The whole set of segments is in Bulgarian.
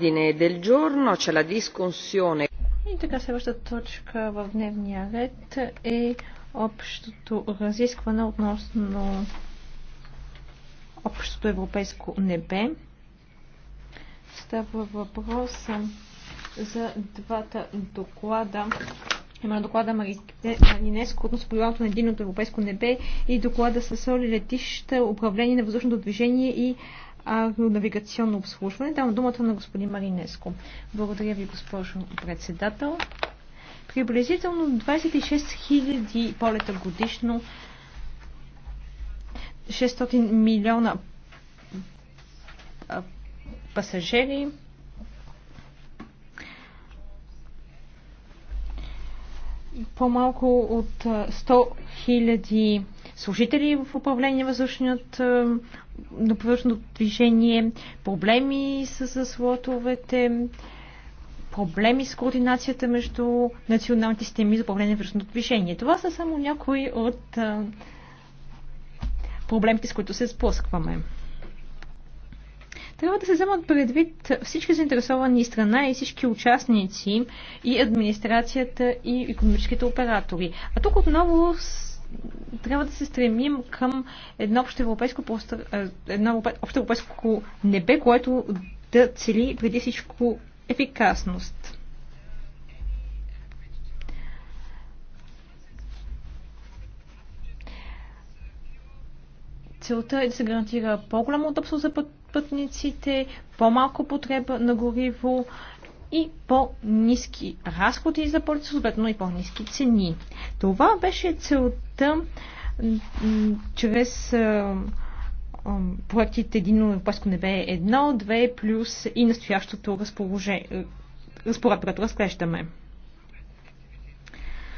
И така следващата точка в дневния ред е общото разискване относно общото европейско небе. Става въпрос за двата доклада. Има доклада Маринеско относно програмата на единното европейско небе и доклада с Оли летища, управление на въздушното движение и авионавигационно обслужване. Давам думата на господин Маринеско. Благодаря ви, госпожо председател. Приблизително 26 000 полета годишно, 600 милиона пасажери, по-малко от 100 000 служители в управление е, на въздушното движение, проблеми с, слотовете, проблеми с координацията между националните системи за управление на въздушното движение. Това са само някои от е, проблемите, с които се сблъскваме. Трябва да се вземат предвид всички заинтересовани страна и всички участници и администрацията и економическите оператори. А тук отново трябва да се стремим към едно общо европейско, е, едно общо европейско небе, което да цели преди всичко ефикасност. Целта е да се гарантира по-голямо удобство за пътниците, по-малко потреба на гориво и по-низки разходи за полицията, съответно и по-низки цени. Това беше целта заетостта чрез проектите Едино европейско небе е едно, две, плюс и настоящото разпоред, като разглеждаме.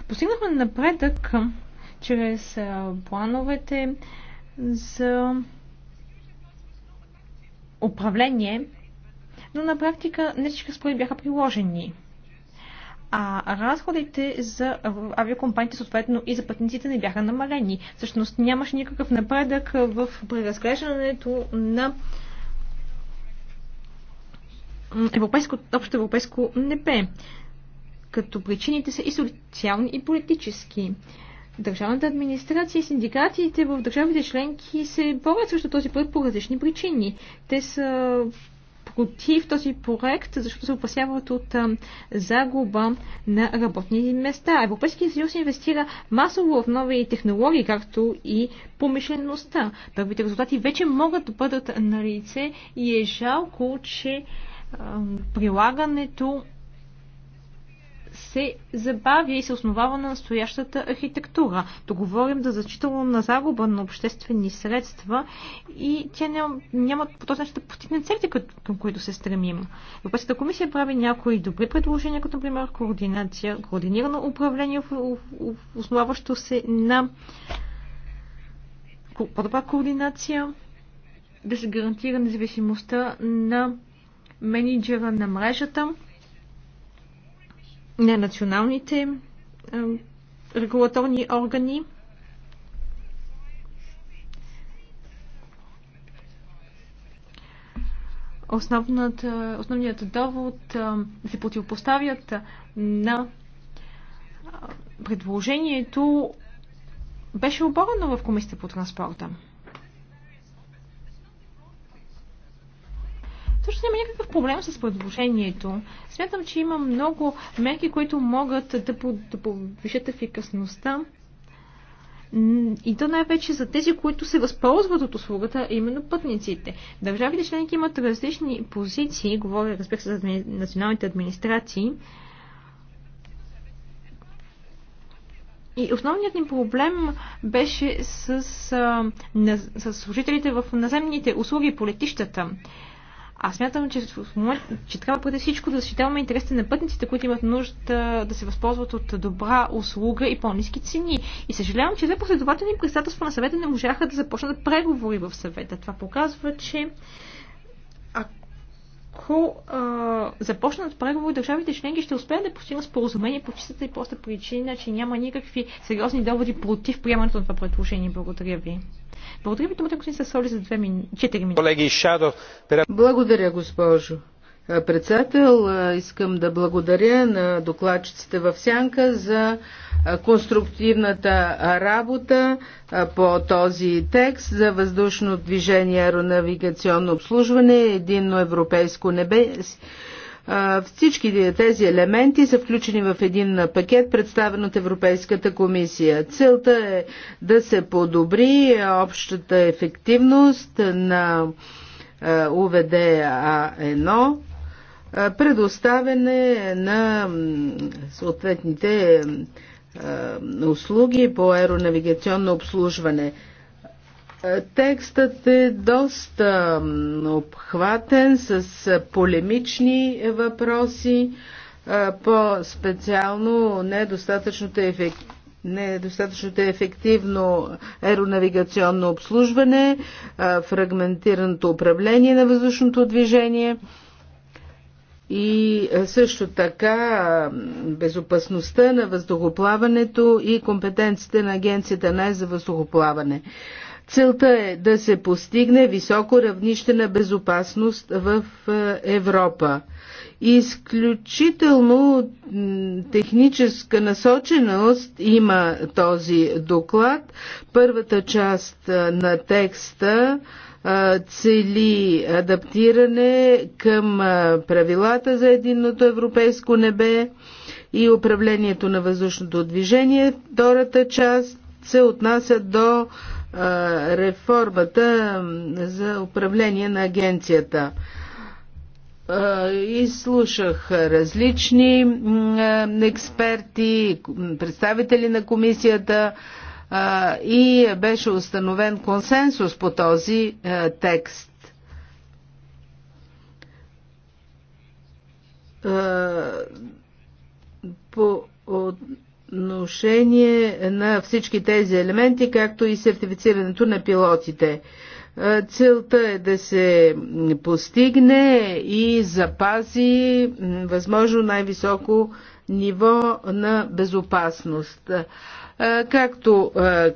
Постигнахме напредък чрез плановете за управление, но на практика не всички разпоредби бяха приложени а разходите за авиокомпаниите, съответно и за пътниците, не бяха намалени. Всъщност нямаше никакъв напредък в преразглеждането на европейско, общо европейско НП, като причините са и социални, и политически. Държавната администрация и синдикатите в държавите членки се борят срещу този път по различни причини. Те са против този проект, защото се опасяват от загуба на работни места. Европейския съюз инвестира масово в нови технологии, както и помишлеността. Първите резултати вече могат да бъдат на лице и е жалко, че прилагането се забавя и се основава на настоящата архитектура. То говорим за на загуба на обществени средства и тя няма, няма по този начин да постигне целите, към които се стремим. Европейската комисия прави някои добри предложения, като например координация, координирано управление, основаващо се на по-добра координация, да се гарантира независимостта на менеджера на мрежата на националните регулаторни органи. Основната, основният довод се противопоставят на предложението беше оборено в Комисията по транспорта. Също няма някакъв проблем с предложението. Смятам, че има много мерки, които могат да, да повишат ефикасността и то най-вече за тези, които се възползват от услугата, именно пътниците. Държавите членки имат различни позиции, говоря, разбира се, за националните администрации. И основният ни проблем беше с, а, на, с служителите в наземните услуги по летищата. Аз смятам, че, в че трябва преди всичко да защитаваме интересите на пътниците, които имат нужда да се възползват от добра услуга и по-низки цени. И съжалявам, че две последователни представителства на съвета не можаха да започнат преговори в съвета. Това показва, че ако а, започнат преговори, държавите членки ще успеят да постигнат споразумение по чистата и проста причина, че няма никакви сериозни доводи против приемането на това предложение. Благодаря ви. Благодаря ви, думата господин Сасоли, за 2 мин... 4 минути. Благодаря, госпожо председател. Искам да благодаря на докладчиците в Сянка за конструктивната работа по този текст за въздушно движение, аеронавигационно обслужване, единно европейско небе. Всички тези елементи са включени в един пакет, представен от Европейската комисия. Целта е да се подобри общата ефективност на УВД А1 предоставяне на съответните услуги по аеронавигационно обслужване. Текстът е доста обхватен с полемични въпроси, по-специално недостатъчното ефективно недостатъчното ефективно аеронавигационно обслужване, фрагментираното управление на въздушното движение – и е, също така безопасността на въздухоплаването и компетенциите на Агенцията най за въздухоплаване. Целта е да се постигне високо равнище на безопасност в е, Европа. Изключително техническа насоченост има този доклад. Първата част е, на текста цели адаптиране към правилата за единното европейско небе и управлението на въздушното движение. Втората част се отнася до реформата за управление на агенцията. Изслушах различни експерти, представители на комисията, и беше установен консенсус по този е, текст. По отношение на всички тези елементи, както и сертифицирането на пилотите. Целта е да се постигне и запази възможно най-високо ниво на безопасност. Както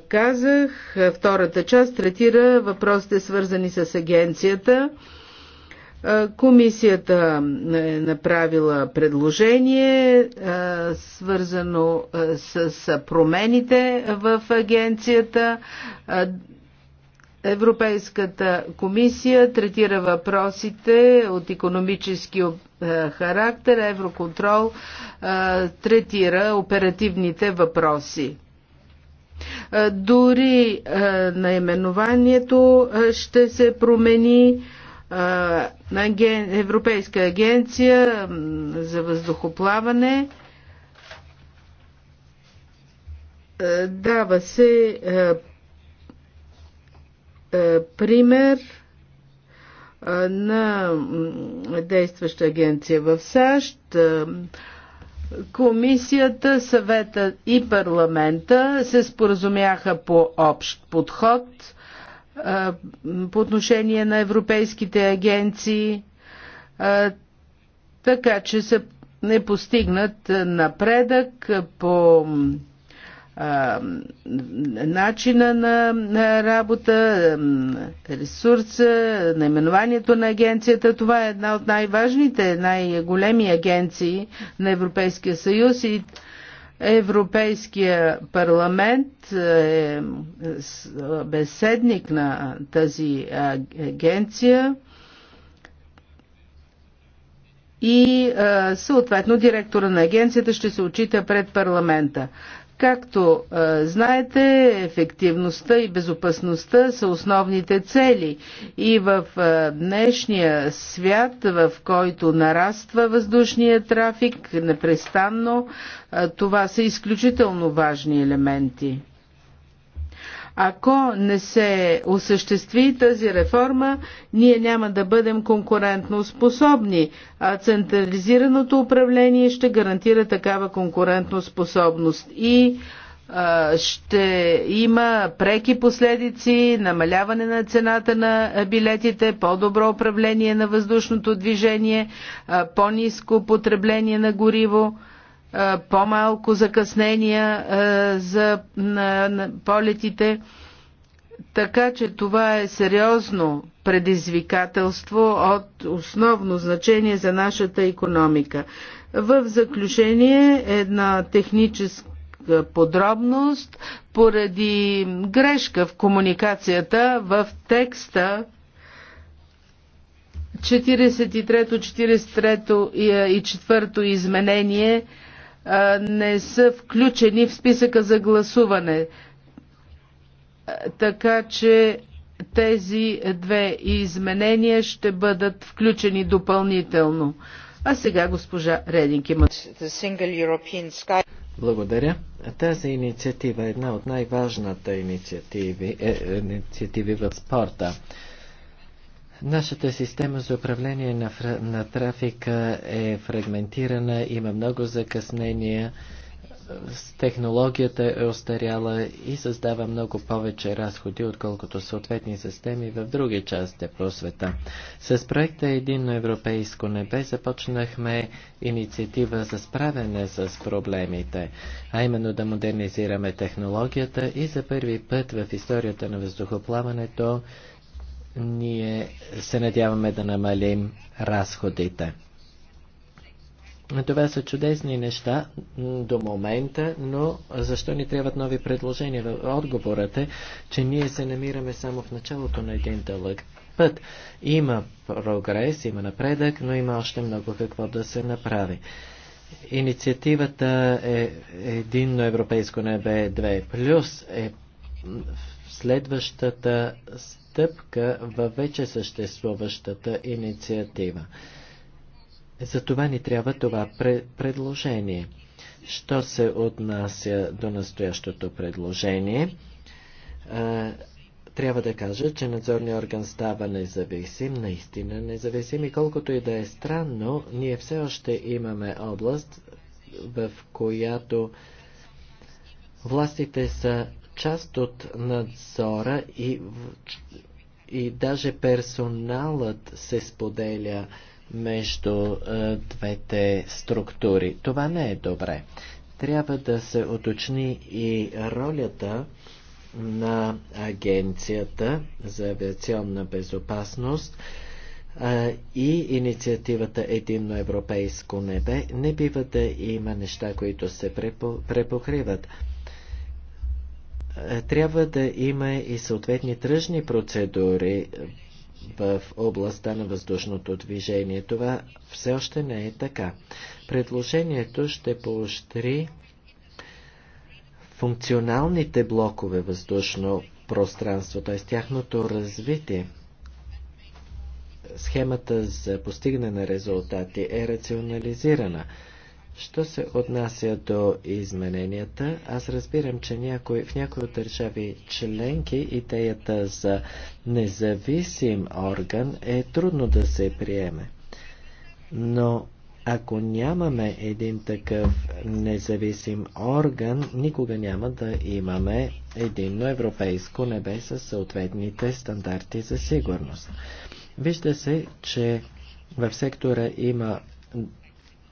казах, втората част третира въпросите свързани с агенцията. Комисията е направила предложение, свързано с промените в агенцията. Европейската комисия третира въпросите от економически характер, Евроконтрол третира оперативните въпроси. Е, дори е, наименованието е, ще се промени. на Европейска агенция за въздухоплаване дава се пример на действаща агенция в САЩ. Комисията, съвета и парламента се споразумяха по общ подход по отношение на европейските агенции, така че се не постигнат напредък по начина на, на работа, ресурса, наименованието на агенцията. Това е една от най-важните, най-големи агенции на Европейския съюз и Европейския парламент е беседник на тази агенция и съответно директора на агенцията ще се очита пред парламента. Както е, знаете, ефективността и безопасността са основните цели и в е, днешния свят, в който нараства въздушния трафик непрестанно, е, това са изключително важни елементи. Ако не се осъществи тази реформа, ние няма да бъдем конкурентно способни, а централизираното управление ще гарантира такава конкурентно способност и а, ще има преки последици, намаляване на цената на билетите, по-добро управление на въздушното движение, по-низко потребление на гориво по-малко закъснения за на, на полетите. Така че това е сериозно предизвикателство от основно значение за нашата економика. В заключение една техническа подробност поради грешка в комуникацията в текста 43-43 и 4 изменение не са включени в списъка за гласуване. Така че тези две изменения ще бъдат включени допълнително. А сега госпожа Рединг има. Благодаря. Тази инициатива е една от най-важната инициативи, е, е инициативи в спорта. Нашата система за управление на, на трафика е фрагментирана, има много закъснения, технологията е остаряла и създава много повече разходи, отколкото съответни системи в други части по света. С проекта Единно европейско небе започнахме инициатива за справяне с проблемите, а именно да модернизираме технологията и за първи път в историята на въздухоплаването ние се надяваме да намалим разходите. Това са чудесни неща до момента, но защо ни трябват нови предложения? Отговорът е, че ние се намираме само в началото на един дълъг път. Има прогрес, има напредък, но има още много какво да се направи. Инициативата е Единно европейско небе 2+, е следващата стъпка във вече съществуващата инициатива. Затова ни трябва това предложение. Що се отнася до настоящото предложение, трябва да кажа, че надзорният орган става независим, наистина независим и колкото и да е странно, ние все още имаме област, в която властите са част от надзора и, и даже персоналът се споделя между е, двете структури. Това не е добре. Трябва да се уточни и ролята на Агенцията за авиационна безопасност е, и инициативата Единно европейско небе не бива да има неща, които се препокриват. Е, трябва да има и съответни тръжни процедури в областта на въздушното движение. Това все още не е така. Предложението ще поощри функционалните блокове въздушно пространство, т.е. тяхното развитие. Схемата за постигане на резултати е рационализирана. Що се отнася до измененията, аз разбирам, че някой, в някои от държави членки идеята за независим орган е трудно да се приеме. Но ако нямаме един такъв независим орган, никога няма да имаме единно европейско небе с съответните стандарти за сигурност. Вижда се, че в сектора има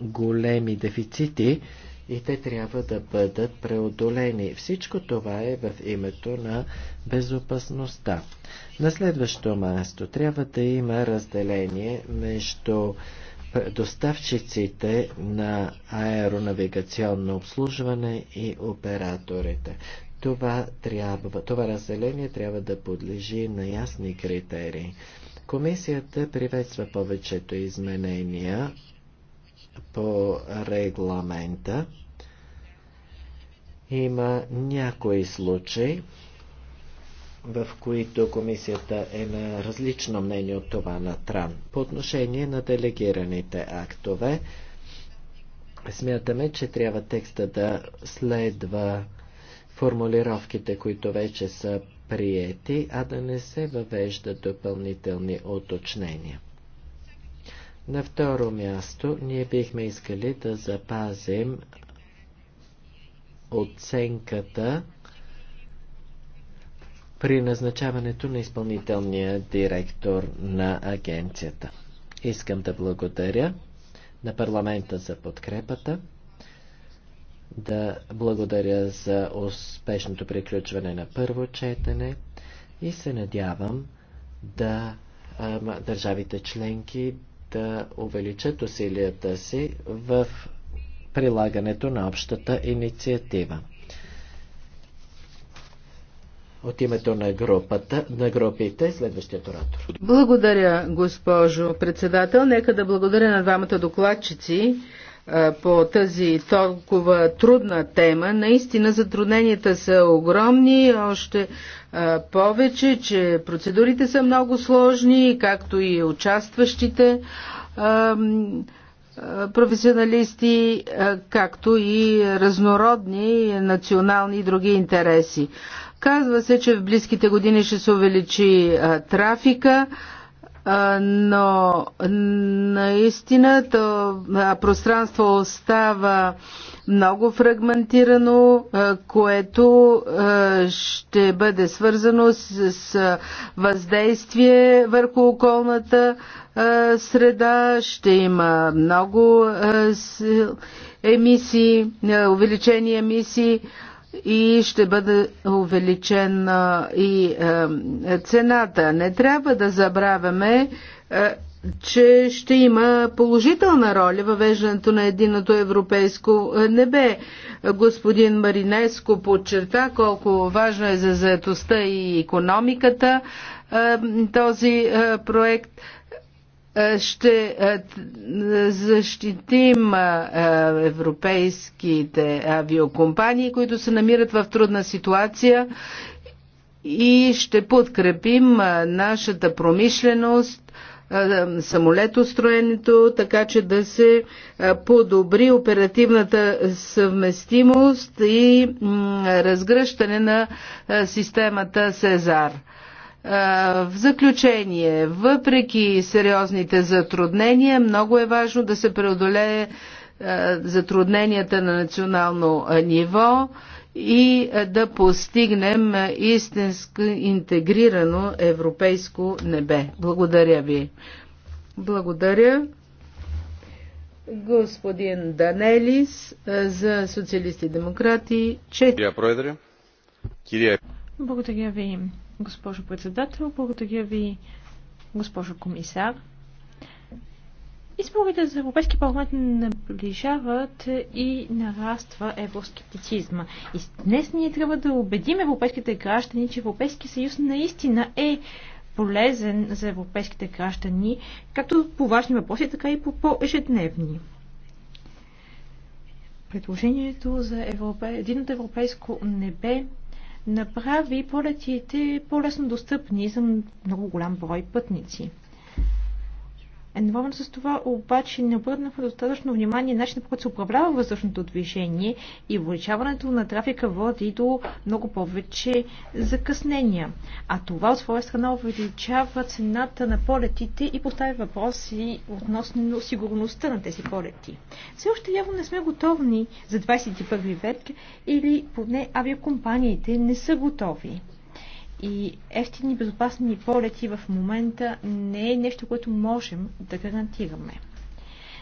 големи дефицити и те трябва да бъдат преодолени. Всичко това е в името на безопасността. На следващо място трябва да има разделение между доставчиците на аеронавигационно обслужване и операторите. Това, трябва, това разделение трябва да подлежи на ясни критерии. Комисията приветства повечето изменения по регламента има някои случаи, в които комисията е на различно мнение от това на Тран. По отношение на делегираните актове, смятаме, че трябва текста да следва формулировките, които вече са приети, а да не се въвеждат допълнителни уточнения. На второ място, ние бихме искали да запазим оценката при назначаването на изпълнителния директор на агенцията. Искам да благодаря на парламента за подкрепата, да благодаря за успешното приключване на първо четене и се надявам да държавите членки да увеличат усилията си в прилагането на общата инициатива. От името на, групата, на групите, следващият оратор. Благодаря, госпожо председател. Нека да благодаря на двамата докладчици по тази толкова трудна тема. Наистина затрудненията са огромни, още повече, че процедурите са много сложни, както и участващите професионалисти, както и разнородни национални и други интереси. Казва се, че в близките години ще се увеличи трафика но наистина то пространство остава много фрагментирано, което ще бъде свързано с въздействие върху околната среда, ще има много емисии, увеличени емисии и ще бъде увеличена и е, цената. Не трябва да забравяме, е, че ще има положителна роля въвеждането на единото европейско е, небе. Господин Маринеско подчерта колко важно е за заетостта и економиката този проект. Е, ще е, защитим е, европейските авиокомпании, които се намират в трудна ситуация и ще подкрепим нашата промишленост, самолетостроенето, така че да се подобри оперативната съвместимост и разгръщане на системата Сезар. В заключение, въпреки сериозните затруднения, много е важно да се преодолее затрудненията на национално ниво и да постигнем истинско интегрирано европейско небе. Благодаря ви. Благодаря господин Данелис за социалисти и демократи. Че... Благодаря ви госпожо председател. Благодаря ви, госпожо комисар. Изборите за Европейски парламент наближават и нараства евроскептицизма. И днес ние трябва да убедим европейските граждани, че Европейски съюз наистина е полезен за европейските граждани, както по важни въпроси, така и по по-ежедневни. Предложението за Европе... от европейско небе направи полетите по-лесно достъпни за много голям брой пътници. Едновременно с това обаче не обърнаха достатъчно внимание начинът по който се управлява въздушното движение и увеличаването на трафика води до много повече закъснения. А това от своя страна увеличава цената на полетите и поставя въпроси относно сигурността на тези полети. Все още явно не сме готовни за 21 век или поне авиакомпаниите не са готови и ефтини безопасни полети в момента не е нещо, което можем да гарантираме.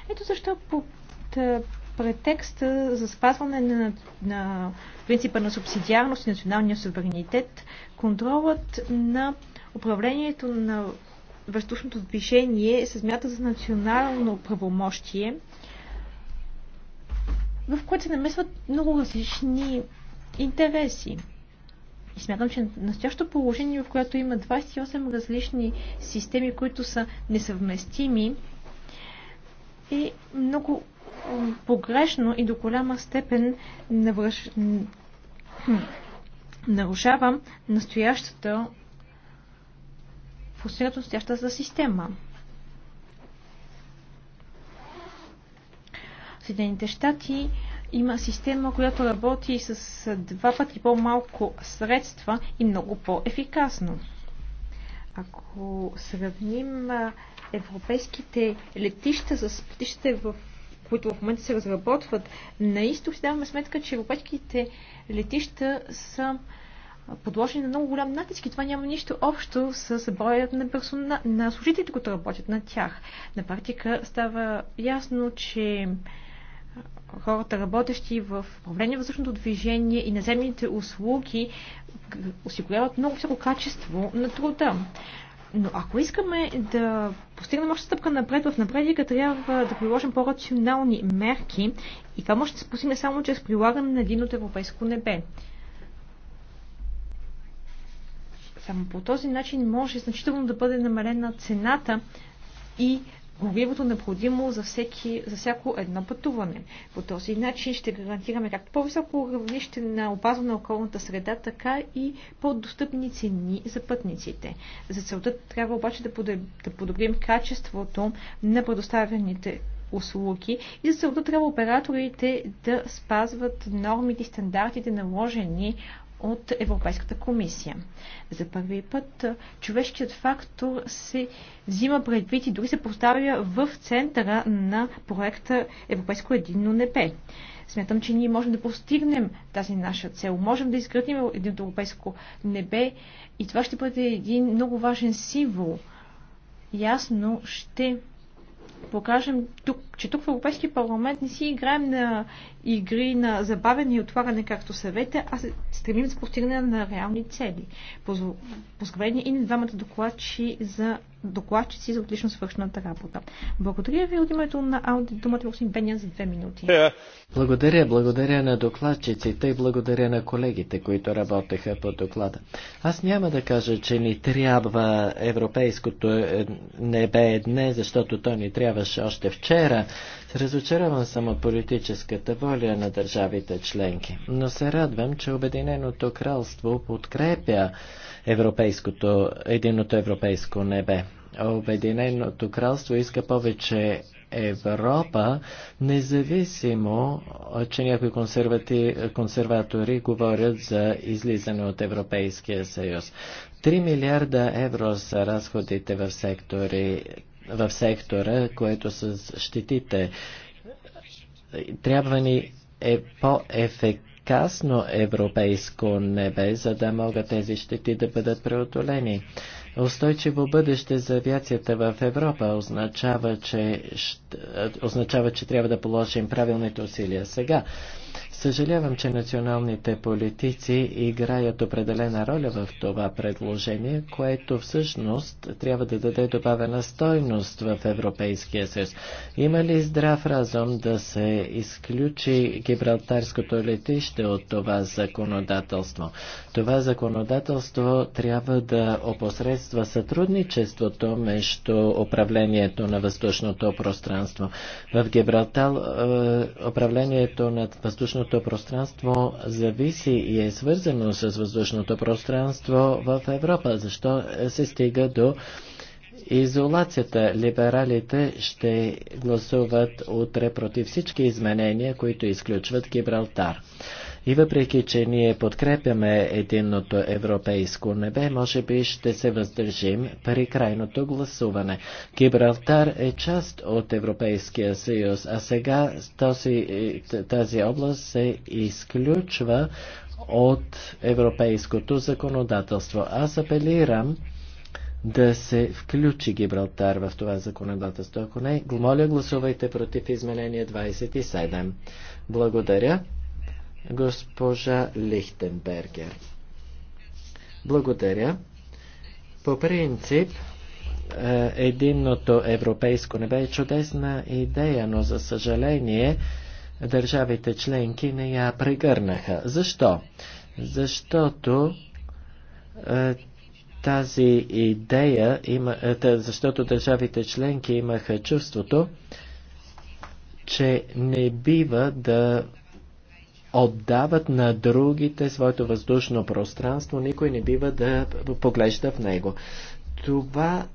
Ето защо под претекста за спазване на, на принципа на субсидиарност и националния суверенитет, контролът на управлението на въздушното движение се смята за национално правомощие, в което се намесват много различни интереси. И смятам, че настоящото положение, в което има 28 различни системи, които са несъвместими, е много погрешно и до голяма степен навръж... нарушава настоящата функционирането настоящата система. Съединените щати има система, която работи с два пъти по-малко средства и много по-ефикасно. Ако сравним европейските летища с летищите в които в момента се разработват, на изток си даваме сметка, че европейските летища са подложени на много голям натиск и това няма нищо общо с броят на, персона... на служителите, които работят на тях. На практика става ясно, че хората, работещи в управление въздушното движение и наземните услуги, осигуряват много високо качество на труда. Но ако искаме да постигнем още стъпка напред в напредика, трябва да приложим по-рационални мерки и това може да се постигне само чрез прилагане на един от европейско небе. Само по този начин може значително да бъде намалена цената и горивото необходимо за, всеки, за всяко едно пътуване. По този начин ще гарантираме както по-високо равнище на опазване на околната среда, така и по-достъпни цени за пътниците. За целта трябва обаче да, да подобрим качеството на предоставяните услуги и за целта трябва операторите да спазват нормите и стандартите наложени от Европейската комисия. За първи път човешкият фактор се взима предвид и дори се поставя в центъра на проекта Европейско единно небе. Смятам, че ние можем да постигнем тази наша цел. Можем да изградим от европейско небе и това ще бъде един много важен символ. Ясно ще покажем тук че тук в Европейския парламент не си играем на игри на забавяне и отлагане, както съвета, а се стремим за постигане на реални цели. Поздравление и на двамата докладчи за докладчици за отлично свършената работа. Благодаря ви от името на Ауди думата в Беня за две минути. Благодаря, благодаря на докладчиците и благодаря на колегите, които работеха по доклада. Аз няма да кажа, че ни трябва европейското е, небе е днес, защото то ни трябваше още вчера, Разочарован съм от политическата воля на държавите членки, но се радвам, че Обединеното кралство подкрепя европейското, единото европейско небе. Обединеното кралство иска повече Европа, независимо, че някои консерватори говорят за излизане от Европейския съюз. 3 милиарда евро са разходите в сектори в сектора, което с щетите. Трябва ни е по ефекасно европейско небе, за да могат тези щети да бъдат преодолени. Устойчиво бъдеще за авиацията в Европа означава, че, означава, че трябва да положим правилните усилия сега. Съжалявам, че националните политици играят определена роля в това предложение, което всъщност трябва да даде добавена стойност в Европейския съюз. Има ли здрав разум да се изключи гибралтарското летище от това законодателство? Това законодателство трябва да опосредства сътрудничеството между управлението на въздушното пространство. В Гибралтар е, управлението на въздушното въздушното пространство зависи и е свързано с въздушното пространство в Европа. Защо се стига до изолацията? Либералите ще гласуват утре против всички изменения, които изключват Гибралтар. И въпреки, че ние подкрепяме единното европейско небе, може би ще се въздържим при крайното гласуване. Гибралтар е част от Европейския съюз, а сега този, тази област се изключва от европейското законодателство. Аз апелирам да се включи Гибралтар в това законодателство. Ако не, моля гласувайте против изменение 27. Благодаря госпожа Лихтенбергер. Благодаря. По принцип, е, единното европейско небе е чудесна идея, но за съжаление държавите членки не я прегърнаха. Защо? Защото е, тази идея, е, защото държавите членки имаха чувството, че не бива да отдават на другите своето въздушно пространство, никой не бива да поглежда в него. Това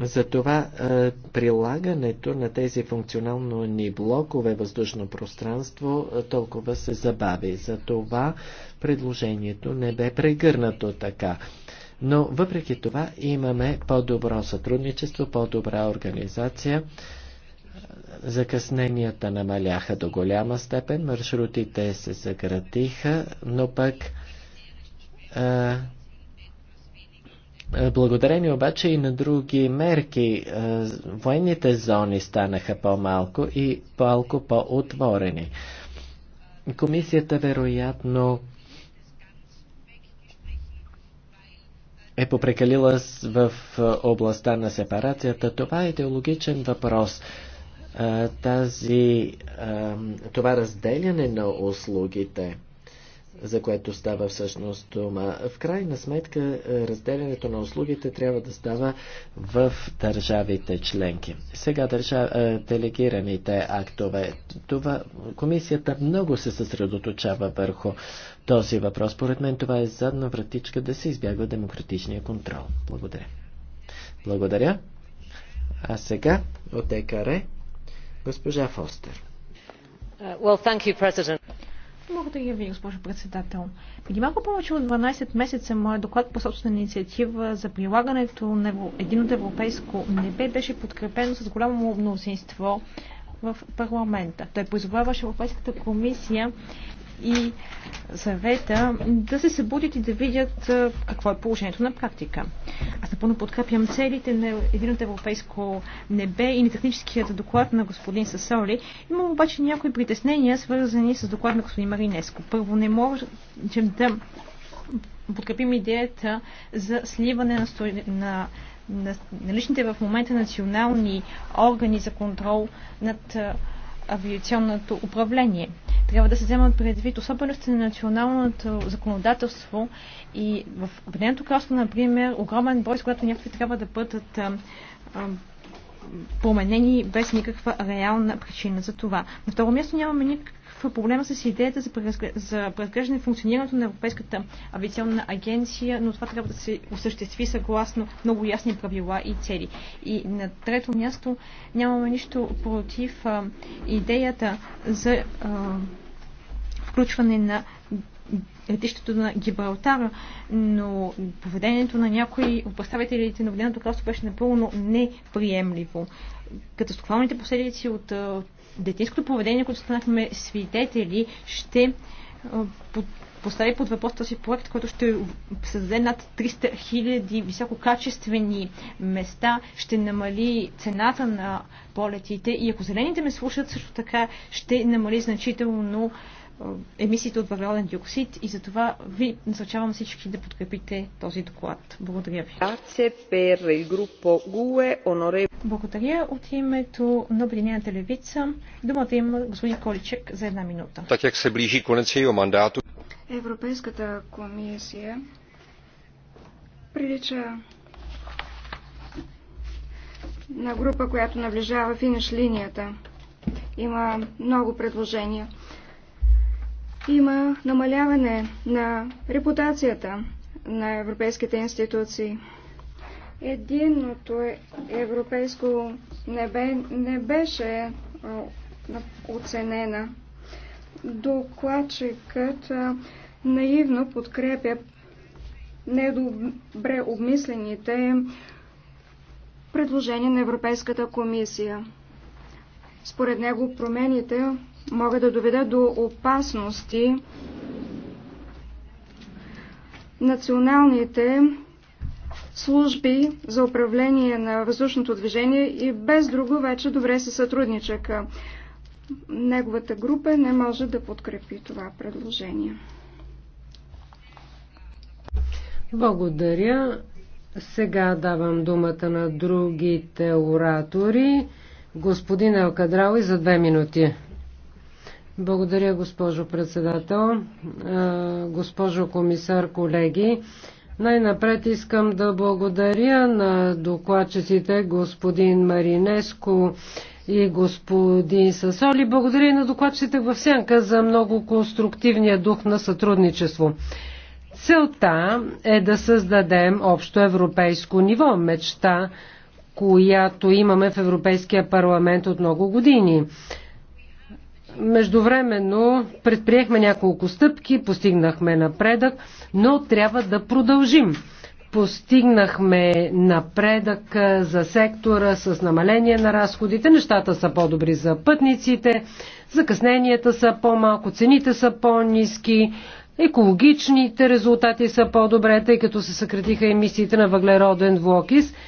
затова е, прилагането на тези функционално ни блокове въздушно пространство е, толкова се забави. Затова предложението не бе прегърнато така. Но въпреки това имаме по-добро сътрудничество, по-добра организация. Закъсненията намаляха до голяма степен, маршрутите се съкратиха, но пък а, Благодарение обаче и на други мерки, военните зони станаха по-малко и по-малко по-отворени. Комисията вероятно е попрекалила в областта на сепарацията. Това е идеологичен въпрос тази, това разделяне на услугите, за което става всъщност дума. В крайна сметка разделянето на услугите трябва да става в държавите членки. Сега държав... делегираните актове. Това... Комисията много се съсредоточава върху този въпрос. Поред мен това е задна вратичка да се избягва демократичния контрол. Благодаря. Благодаря. А сега от Госпожа Фостер. Uh, well, thank you, President. Благодаря ви, госпожо председател. Преди малко повече от 12 месеца моят доклад по собствена инициатива за прилагането на единото европейско небе беше подкрепено с голямо мнозинство в парламента. Той призоваваше Европейската комисия и съвета да се събудят и да видят какво е положението на практика. Аз напълно подкрепям целите на Единото европейско небе и на техническият доклад на господин Сасоли. Имам обаче някои притеснения, свързани с доклад на господин Маринеско. Първо, не можем да подкрепим идеята за сливане на, сто... на на наличните в момента национални органи за контрол над авиационното управление. Трябва да се вземат предвид особености на националното законодателство и в Обединеното кралство, например, огромен брой, с когато някакви трябва да бъдат променени без никаква реална причина за това. На второ място нямаме никаква проблема с идеята за, преразглеждане функционирането на Европейската авиационна агенция, но това трябва да се осъществи съгласно много ясни правила и цели. И на трето място нямаме нищо против а, идеята за а, включване на летището на Гибралтара, но поведението на някои от представителите на Обединеното кралство беше напълно неприемливо. Катастрофалните последици от детинското поведение, което станахме свидетели, ще постави под въпрос този проект, който ще създаде над 300 000 висококачествени места, ще намали цената на полетите и ако зелените ме слушат, също така ще намали значително е, емисиите от въглероден диоксид и за това ви насърчавам всички да подкрепите този доклад. Благодаря ви. Благодаря от името на Обединената левица. Думата има господин Количек за една минута. Так как се ближи конец ее мандату. Европейската комисия прилича на група, която наближава финиш линията. Има много предложения има намаляване на репутацията на европейските институции. Единното европейско небе не беше оценена. Докладчикът наивно подкрепя недобре обмислените предложения на Европейската комисия. Според него промените могат да доведат до опасности националните служби за управление на въздушното движение и без друго вече добре се сътрудничаха. Неговата група не може да подкрепи това предложение. Благодаря. Сега давам думата на другите оратори. Господин Елкадрауи за две минути. Благодаря, госпожо председател. Госпожо комисар, колеги, най-напред искам да благодаря на докладчиците господин Маринеско и господин Сасоли. Благодаря и на докладчиците в Сянка за много конструктивния дух на сътрудничество. Целта е да създадем общо европейско ниво, мечта, която имаме в Европейския парламент от много години. Междувременно предприехме няколко стъпки, постигнахме напредък, но трябва да продължим. Постигнахме напредък за сектора с намаление на разходите, нещата са по-добри за пътниците, закъсненията са по-малко, цените са по-низки, екологичните резултати са по-добре, тъй като се съкратиха емисиите на въглероден двуокис –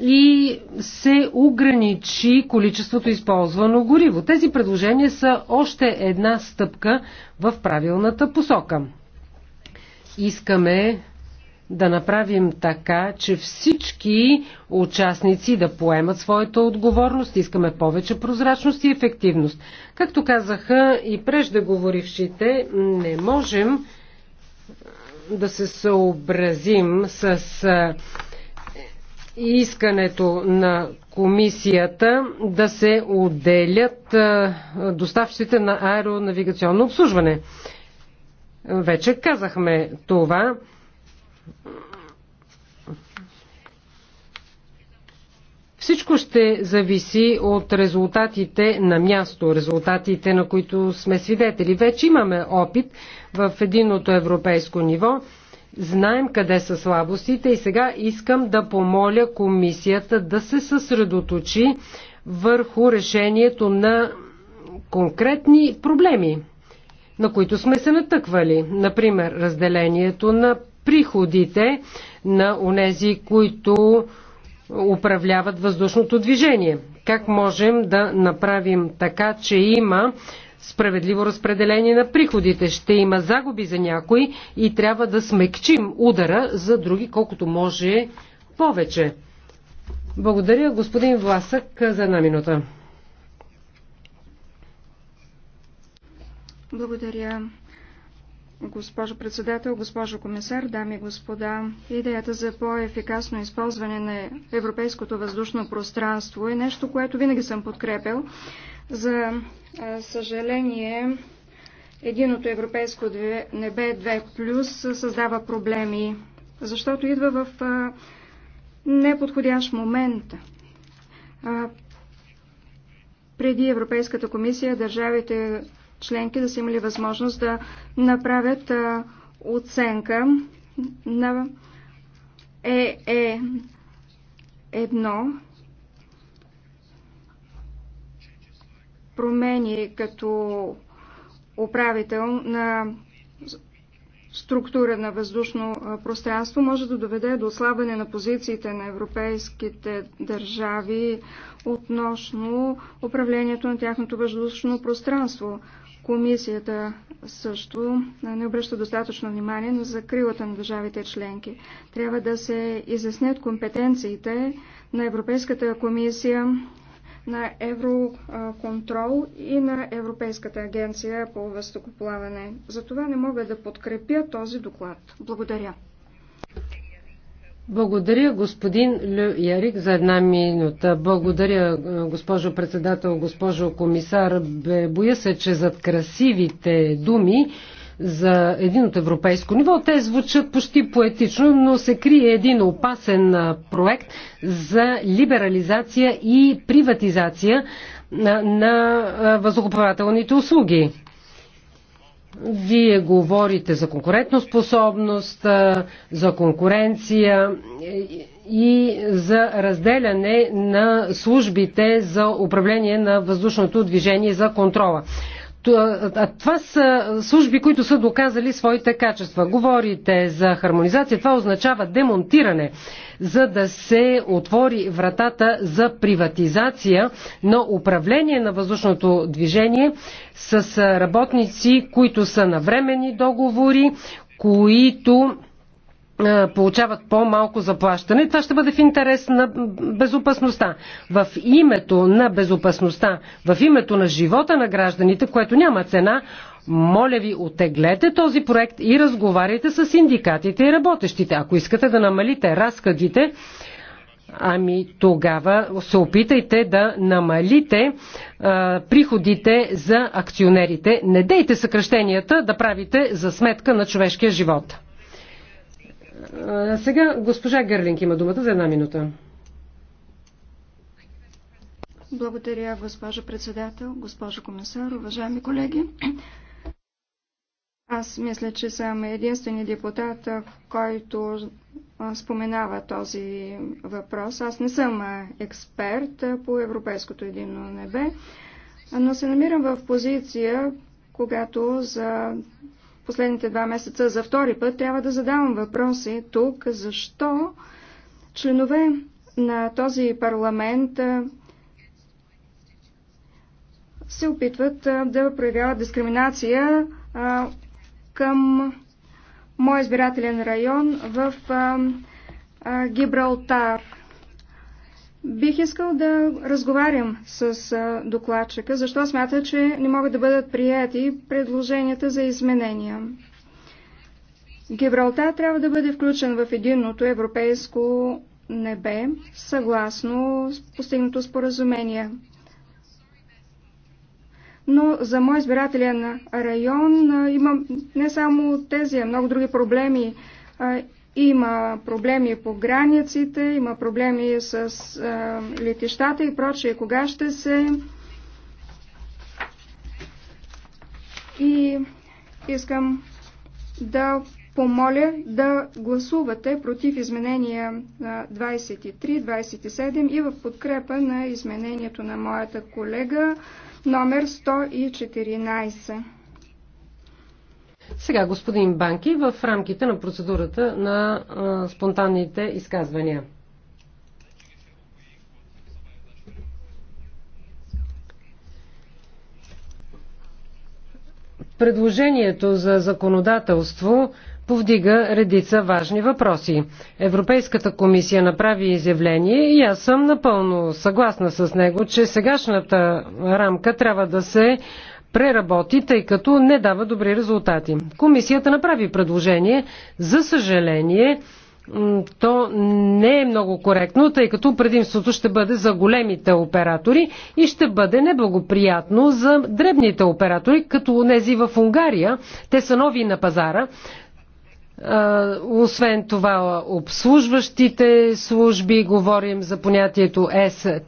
и се ограничи количеството използвано гориво. Тези предложения са още една стъпка в правилната посока. Искаме да направим така, че всички участници да поемат своята отговорност. Искаме повече прозрачност и ефективност. Както казаха и преждеговорившите, не можем да се съобразим с искането на комисията да се отделят доставчиците на аеронавигационно обслужване. Вече казахме това. Всичко ще зависи от резултатите на място, резултатите на които сме свидетели. Вече имаме опит в единното европейско ниво. Знаем къде са слабостите и сега искам да помоля комисията да се съсредоточи върху решението на конкретни проблеми, на които сме се натъквали. Например, разделението на приходите на онези, които управляват въздушното движение. Как можем да направим така, че има справедливо разпределение на приходите. Ще има загуби за някои и трябва да смекчим удара за други, колкото може повече. Благодаря, господин Власък, за една минута. Благодаря, госпожо председател, госпожо комисар, дами и господа. Идеята за по-ефикасно използване на европейското въздушно пространство е нещо, което винаги съм подкрепил. За съжаление, единото европейско небе 2 плюс създава проблеми, защото идва в неподходящ момент. Преди Европейската комисия държавите членки да са имали възможност да направят оценка на ЕЕ е едно промени като управител на структура на въздушно пространство може да доведе до ослабване на позициите на европейските държави относно управлението на тяхното въздушно пространство. Комисията също не обръща достатъчно внимание на закрилата на държавите членки. Трябва да се изяснят компетенциите на Европейската комисия на Евроконтрол и на Европейската агенция по въздухоплаване. Затова не мога да подкрепя този доклад. Благодаря. Благодаря, господин Лю Ярик, за една минута. Благодаря, госпожо председател, госпожо комисар. Боя се, че зад красивите думи за един от европейско ниво. Те звучат почти поетично, но се крие един опасен проект за либерализация и приватизация на, на въздухоплавателните услуги. Вие говорите за конкурентоспособност, за конкуренция и за разделяне на службите за управление на въздушното движение за контрола. Това са служби, които са доказали своите качества. Говорите за хармонизация, това означава демонтиране, за да се отвори вратата за приватизация на управление на въздушното движение с работници, които са на времени договори, които е, получават по-малко заплащане. Това ще бъде в интерес на безопасността. В името на безопасността, в името на живота на гражданите, което няма цена, моля ви, отеглете този проект и разговаряйте с синдикатите и работещите. Ако искате да намалите разходите, Ами тогава се опитайте да намалите а, е, приходите за акционерите. Не дейте съкръщенията да правите за сметка на човешкия живот. Сега госпожа Герлинг има думата за една минута. Благодаря, госпожо председател, госпожо комисар, уважаеми колеги. Аз мисля, че съм единствения депутат, който споменава този въпрос. Аз не съм експерт по Европейското единно небе, но се намирам в позиция, когато за последните два месеца за втори път трябва да задавам въпроси тук, защо членове на този парламент се опитват да проявяват дискриминация към мой избирателен район в Гибралтар. Бих искал да разговарям с докладчика, защо смята, че не могат да бъдат прияти предложенията за изменения. Гибралтар трябва да бъде включен в единното европейско небе, съгласно постигнато споразумение. Но за мой избирателен район имам не само тези, а много други проблеми има проблеми по границите, има проблеми с а, летищата и прочее. Кога ще се... И искам да помоля да гласувате против изменения 23-27 и в подкрепа на изменението на моята колега номер 114. Сега, господин Банки, в рамките на процедурата на а, спонтанните изказвания. Предложението за законодателство повдига редица важни въпроси. Европейската комисия направи изявление и аз съм напълно съгласна с него, че сегашната рамка трябва да се преработи, тъй като не дава добри резултати. Комисията направи предложение. За съжаление, то не е много коректно, тъй като предимството ще бъде за големите оператори и ще бъде неблагоприятно за дребните оператори, като нези в Унгария. Те са нови на пазара. Освен това, обслужващите служби, говорим за понятието S+,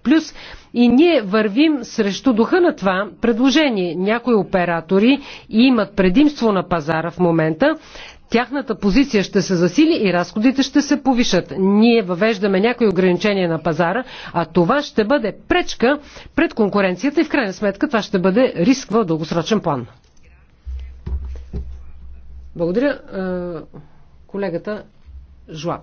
и ние вървим срещу духа на това предложение. Някои оператори имат предимство на пазара в момента. Тяхната позиция ще се засили и разходите ще се повишат. Ние въвеждаме някои ограничения на пазара, а това ще бъде пречка пред конкуренцията и в крайна сметка това ще бъде риск в дългосрочен план. Благодаря. Е, колегата Жлаб.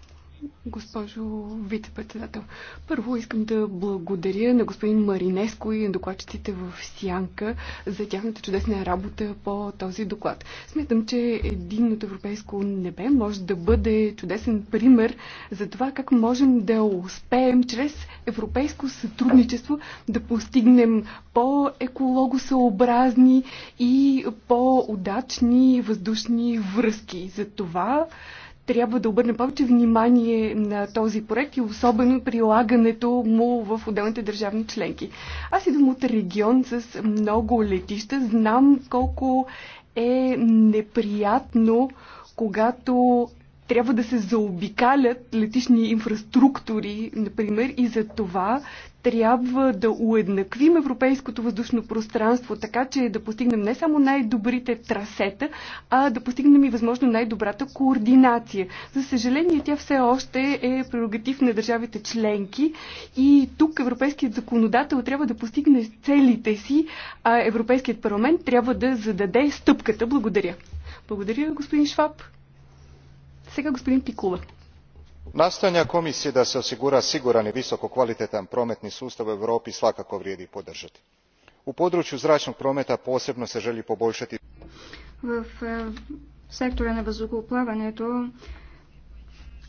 госпожо вице-председател. Първо искам да благодаря на господин Маринеско и на докладчиците в Сянка за тяхната чудесна работа по този доклад. Смятам, че един от европейско небе може да бъде чудесен пример за това как можем да успеем чрез европейско сътрудничество да постигнем по-екологосъобразни и по-удачни въздушни връзки. За това трябва да обърне повече внимание на този проект и особено прилагането му в отделните държавни членки. Аз идвам от регион с много летища. Знам колко е неприятно, когато трябва да се заобикалят летишни инфраструктури, например, и за това трябва да уеднаквим европейското въздушно пространство, така че да постигнем не само най-добрите трасета, а да постигнем и възможно най-добрата координация. За съжаление, тя все още е прерогатив на държавите членки и тук европейският законодател трябва да постигне целите си, а Европейският парламент трябва да зададе стъпката. Благодаря. Благодаря, господин Шваб. Сега господин Пикула nastojanja komisije da se osigura siguran i visokokvalitetan prometni sustav u europi svakako vrijedi podrati. u podruju zranog prometa posebno se eli poboljati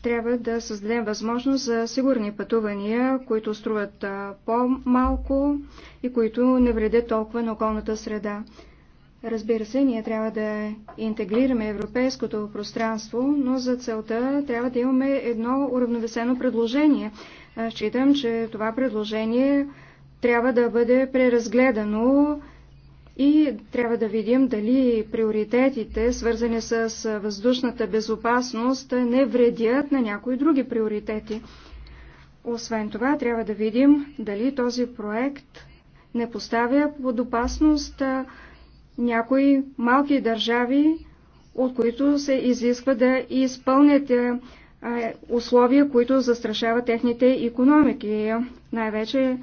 трябва да създадем възможност за сигурни пътувания, които струват по-малко и които не вредят толкова на околната среда. Разбира се, ние трябва да интегрираме европейското пространство, но за целта трябва да имаме едно уравновесено предложение. Считам, че това предложение трябва да бъде преразгледано и трябва да видим дали приоритетите, свързани с въздушната безопасност, не вредят на някои други приоритети. Освен това, трябва да видим дали този проект не поставя под опасност някои малки държави, от които се изисква да изпълнят е, условия, които застрашават техните економики, най-вече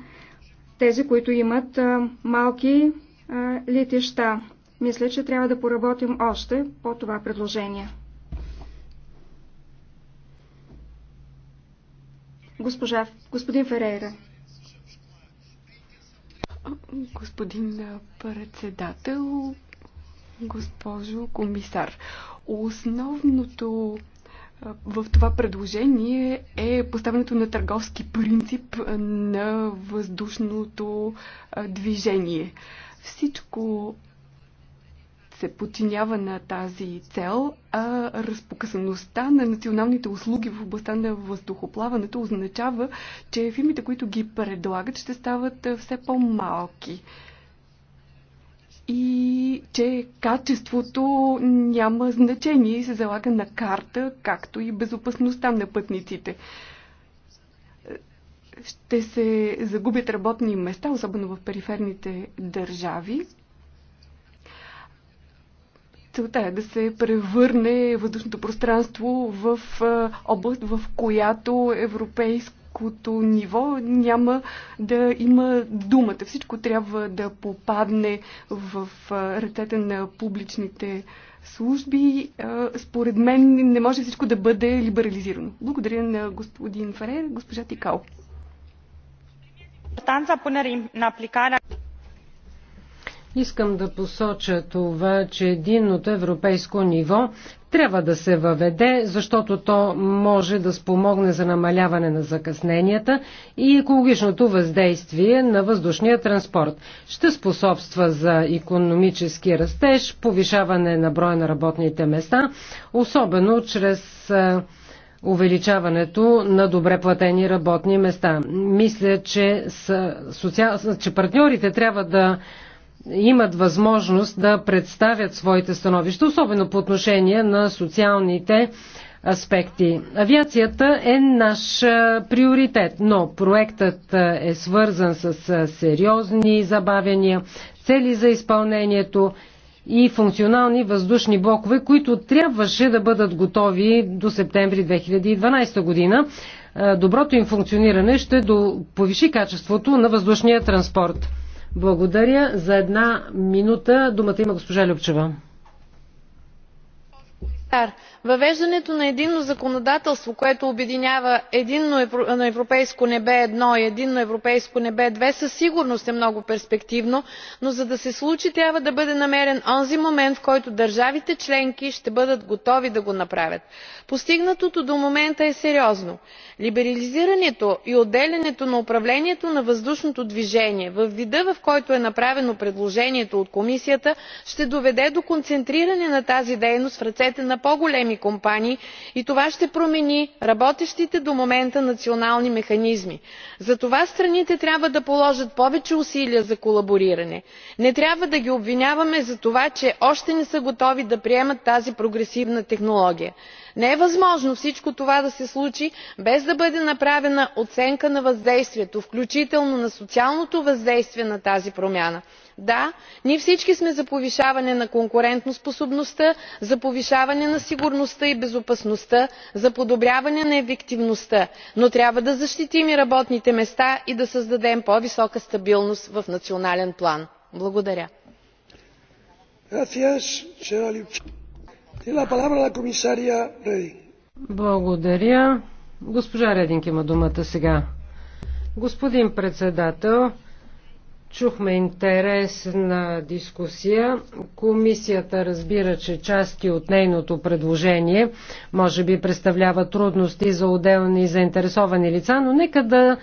тези, които имат е, малки е, летища. Мисля, че трябва да поработим още по това предложение. Госпожа, господин Ферейра. Господин председател, госпожо комисар, основното в това предложение е поставянето на търговски принцип на въздушното движение. Всичко се подчинява на тази цел, а разпокъсаността на националните услуги в областта на въздухоплаването означава, че фирмите, които ги предлагат, ще стават все по-малки и че качеството няма значение и се залага на карта, както и безопасността на пътниците. Ще се загубят работни места, особено в периферните държави. Целта е да се превърне въздушното пространство в област, в която европейското ниво няма да има думата. Всичко трябва да попадне в ръцете на публичните служби. Според мен не може всичко да бъде либерализирано. Благодаря на господин Фарер, госпожа Тикал. Importanța punerii în aplicare Искам да посоча това, че единното европейско ниво трябва да се въведе, защото то може да спомогне за намаляване на закъсненията и екологичното въздействие на въздушния транспорт. Ще способства за економически растеж, повишаване на броя на работните места, особено чрез увеличаването на добре платени работни места. Мисля, че, социал... че партньорите трябва да имат възможност да представят своите становища, особено по отношение на социалните аспекти. Авиацията е наш приоритет, но проектът е свързан с сериозни забавяния, цели за изпълнението и функционални въздушни блокове, които трябваше да бъдат готови до септември 2012 година. Доброто им функциониране ще повиши качеството на въздушния транспорт. Благодаря. За една минута думата има госпожа Любчева. Въвеждането на единно законодателство, което обединява единно европейско небе едно и единно европейско небе две, със сигурност е много перспективно, но за да се случи трябва да бъде намерен онзи момент, в който държавите членки ще бъдат готови да го направят. Постигнатото до момента е сериозно либерализирането и отделянето на управлението на въздушното движение във вида в който е направено предложението от комисията ще доведе до концентриране на тази дейност в ръцете на по големи компании и това ще промени работещите до момента национални механизми. затова страните трябва да положат повече усилия за колабориране. не трябва да ги обвиняваме за това че още не са готови да приемат тази прогресивна технология не е възможно всичко това да се случи без да бъде направена оценка на въздействието включително на социалното въздействие на тази промяна. да ние всички сме за повишаване на конкурентоспособността за повишаване на сигурността и безопасността за подобряване на ефективността но трябва да защитим и работните места и да създадем по висока стабилност в национален план. благодаря. Благодаря. Госпожа Рединг има думата сега. Господин председател, чухме интерес на дискусия. Комисията разбира, че части от нейното предложение може би представлява трудности за отделни заинтересовани лица, но нека да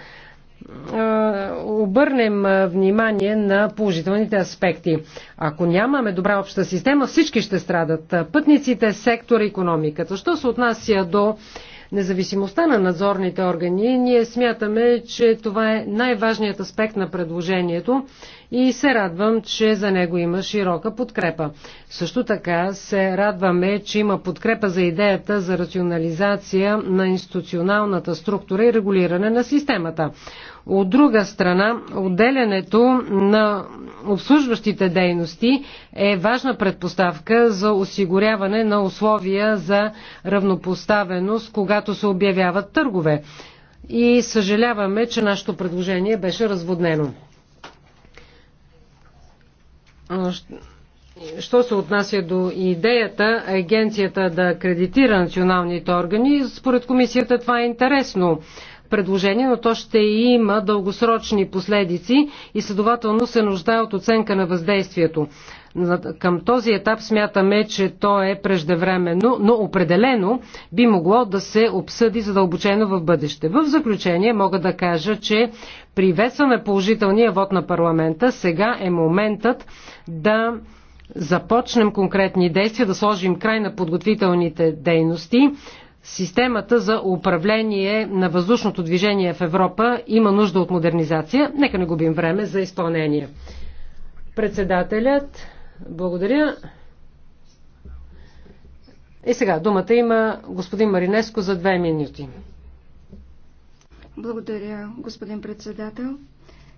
обърнем внимание на положителните аспекти. Ако нямаме добра обща система, всички ще страдат. Пътниците, сектор, економиката. Що се отнася до независимостта на надзорните органи, ние смятаме, че това е най-важният аспект на предложението и се радвам, че за него има широка подкрепа. Също така се радваме, че има подкрепа за идеята за рационализация на институционалната структура и регулиране на системата. От друга страна, отделянето на обслужващите дейности е важна предпоставка за осигуряване на условия за равнопоставеност, когато се обявяват търгове. И съжаляваме, че нашето предложение беше разводнено. Що се отнася до идеята агенцията да кредитира националните органи, според комисията това е интересно предложение, но то ще има дългосрочни последици и следователно се нуждае от оценка на въздействието. Към този етап смятаме, че то е преждевременно, но определено би могло да се обсъди задълбочено в бъдеще. В заключение мога да кажа, че приветстваме положителния вод на парламента. Сега е моментът да започнем конкретни действия, да сложим край на подготвителните дейности. Системата за управление на въздушното движение в Европа има нужда от модернизация. Нека не губим време за изпълнение. Председателят благодаря. И сега думата има господин Маринеско за две минути. Благодаря, господин председател.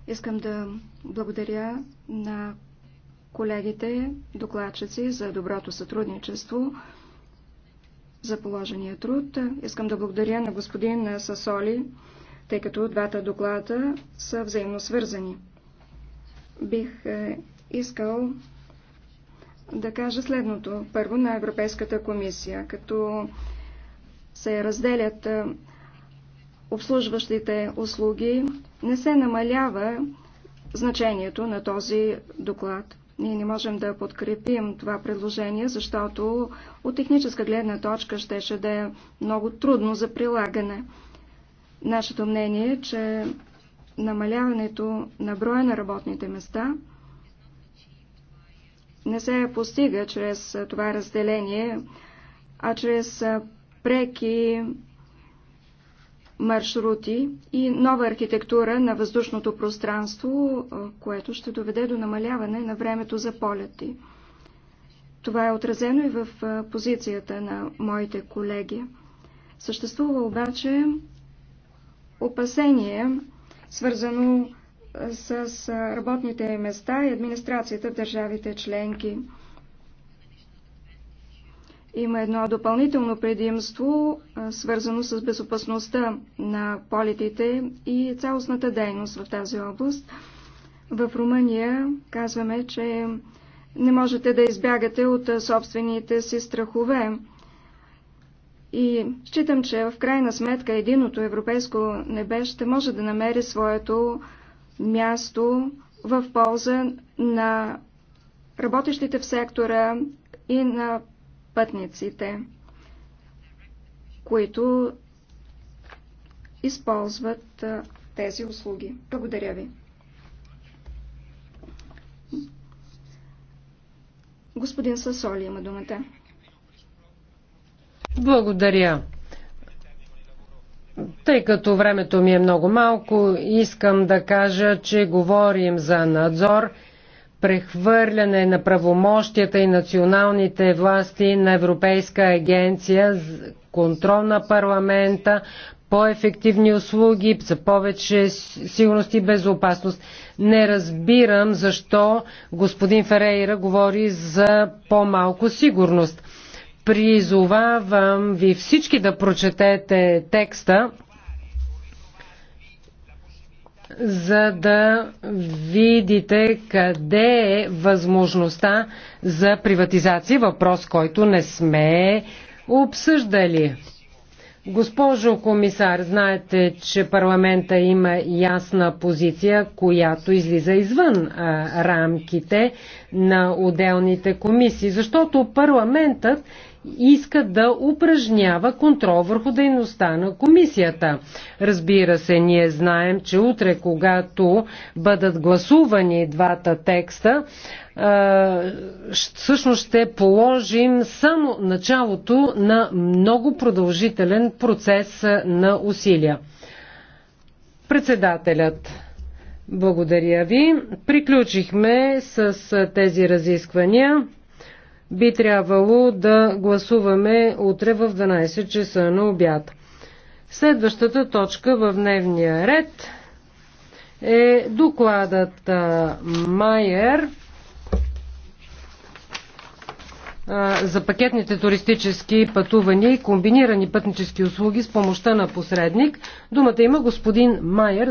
Искам да благодаря на колегите, докладчици за доброто сътрудничество, за положения труд. Искам да благодаря на господин Сасоли, тъй като двата доклада са взаимно свързани. Бих е, искал да кажа следното. Първо на Европейската комисия, като се разделят обслужващите услуги, не се намалява значението на този доклад. Ние не можем да подкрепим това предложение, защото от техническа гледна точка щеше да е много трудно за прилагане. Нашето мнение е, че намаляването на броя на работните места – не се постига чрез това разделение, а чрез преки маршрути и нова архитектура на въздушното пространство, което ще доведе до намаляване на времето за полети. Това е отразено и в позицията на моите колеги. Съществува обаче опасение, свързано с работните места и администрацията в държавите членки. Има едно допълнително предимство, свързано с безопасността на политите и цялостната дейност в тази област. В Румъния казваме, че не можете да избягате от собствените си страхове. И считам, че в крайна сметка единото европейско небе ще може да намери своето място в полза на работещите в сектора и на пътниците, които използват тези услуги. Благодаря ви. Господин Сасоли има думата. Благодаря. Тъй като времето ми е много малко, искам да кажа, че говорим за надзор, прехвърляне на правомощията и националните власти на Европейска агенция, контрол на парламента, по-ефективни услуги, за повече сигурност и безопасност. Не разбирам защо господин Ферейра говори за по-малко сигурност. Призовавам ви всички да прочетете текста, за да видите къде е възможността за приватизация, въпрос, който не сме обсъждали. Госпожо комисар, знаете, че парламента има ясна позиция, която излиза извън а, рамките на отделните комисии, защото парламентът иска да упражнява контрол върху дейността на комисията. Разбира се, ние знаем, че утре, когато бъдат гласувани двата текста, всъщност ще положим само началото на много продължителен процес на усилия. Председателят. Благодаря ви. Приключихме с тези разисквания би трябвало да гласуваме утре в 12 часа на обяд. Следващата точка в дневния ред е докладът Майер за пакетните туристически пътувания и комбинирани пътнически услуги с помощта на посредник. Думата има господин Майер.